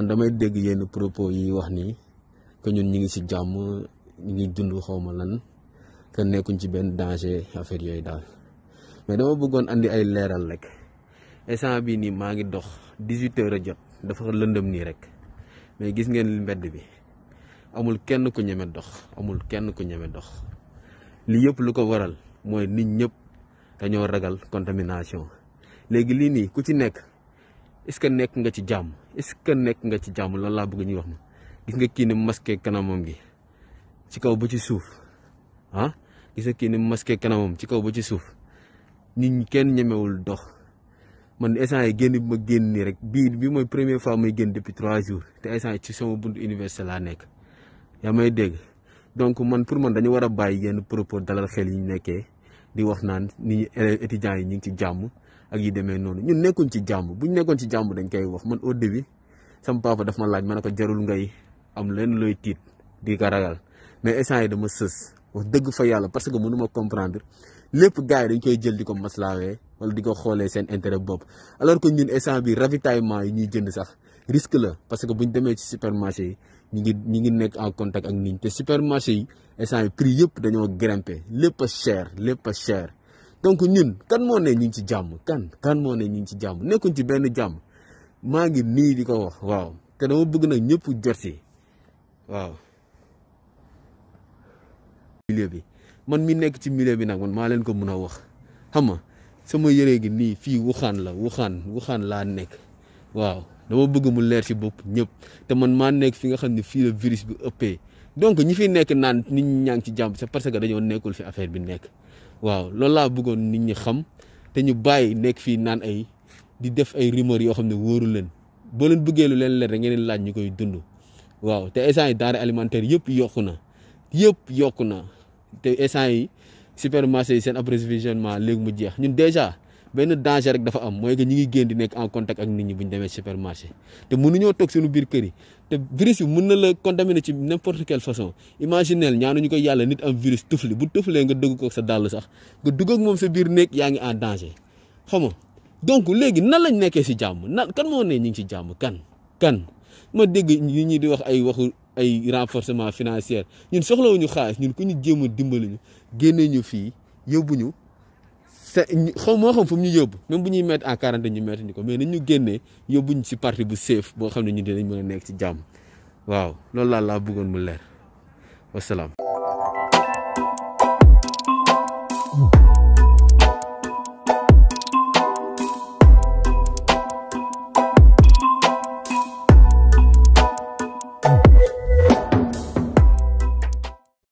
man damay dégg yenn propos yi wax nii que ñun ñu ngi si jàmm ñu ngi dund xawma lan ka nekkuñ ci benn danger affaire yooyu daal mais dama bëggoon andi ay leeral rek instant bi nii maa ngi dox 18 heures a jot dafa lëndëm nii rek mais gis ngeen mbedd bi amul kenn ku ñeme dox amul kenn ku ñeme dox lii yëpp lu ko waral mooy nit ñëpp dañoo ragal contamination léegi lii nii ku ci nekk. est que nekk nga ci jàmm est que nekk nga ci jàmm loolu laa bëgg ñuy wax ma gis nga kii ni masqué kanamam gi ci kaw ba ci suuf ah gis nga kii ni maske kanamam ci kaw ba ci suuf nit ñi kenn ñemewul dox man instant yi génn bi ma génn nii rek bii bi mooy premier fois may génn depuis trois jours te instant yi ci sama buntu université laa nekk yaa may dégg donc man pour man dañu war a bàyyi yenn propos dalal xel yi ñu nekkee di wax naan ni ñi étudiants yi ñu ngi ci jàmm ak yi demee noonu ñun nekkuñ ci jàmm bu ñu nekkoon ci jàmm dañ koy wax man au début sama papa daf ma laaj ma ne ko jarul ngay am leen looy tiit di ko ragal mais instant yi dama sës wax dëgg fa yàlla parce que mënu ma comprendre lépp gars yi dañ koy jël di ko maslaawee wala di ko xoolee seen intérêt bopp alors que ñun instant bi ravitaillement yi ñuy jënd sax risque la parce que bu ñu demee ci supermarché yi. ñi ngi ñi ngi nekk en contact ak nit ñi te supermarché yi instant yi prix yëpp dañoo grimpé lépp a cher lépp a cher donc ñun kan moo ne ñu ngi ci jàmm kan kan ne ñu ngi ci jàmm nekkuñ ci benn jàmm maa ngi nii di ko wax waaw te dama bëgg nag ñëpp jot si bi man mi nekk ci milieu bi nag man maa leen ko mun a wax xam nga sama yére gi nii fii Wuhan la Wuhan Wuhan laa nekk waaw. dama bëgg mu leer ci bopp ñëpp te man maa nekk fi nga xam ne fii la virus bi ëppee donc ñi fi nekk naan nit ñi ñaa ngi ci jàmm c'est parce que dañoo nekkul fi affaire bi nekk waaw loolu laa bëggoon nit ñi xam te ñu bàyyi nekk fii naan ay di def ay rumeur yoo xam ne wóoru leen boo leen bëggee lu leen leer rek ngeen laaj ñu koy dundu waaw te essence yi denrée alimentaire yëpp yokku na yëpp yokku na te essence yi supermarché yi seen approvisionnement léegi mu jeex ñun déjà. benn danger rek dafa am mooy que ñi ngi génn di nekk en contact ak nit ñi bu ñu demee supermarché te mënuñoo toog suñu biir kër yi te virus bi mën na la contaminer ci n'importe quelle façon imaginel ñu ko yàlla nit am virus tufli bu tuflee nga dugg ko sa dàll sax nga dugg moom sa biir néeg yaa ngi en danger xam nga donc léegi nan lañ nekkee si jàmm nan kan moo ne ñu ngi si jàmm kan kan ma dégg ñi ñi di wax ay waxu ay renforcement financier ñun soxlawuñu xaalis ñun ku ñu jéem a dimbali ñu génne ñu fii yóbbu ñu xaw moo xam fu mu ñu yóbbu même bu ñuy mettre en quarantaine ñu mettre ñu ko mais nañ ñu génnee yóbbuñ si parti bu safe boo xam ne ñu dinañ mën a nekk ci jàmm waaw loolu laa laa bëggoon mu leer wasalaam.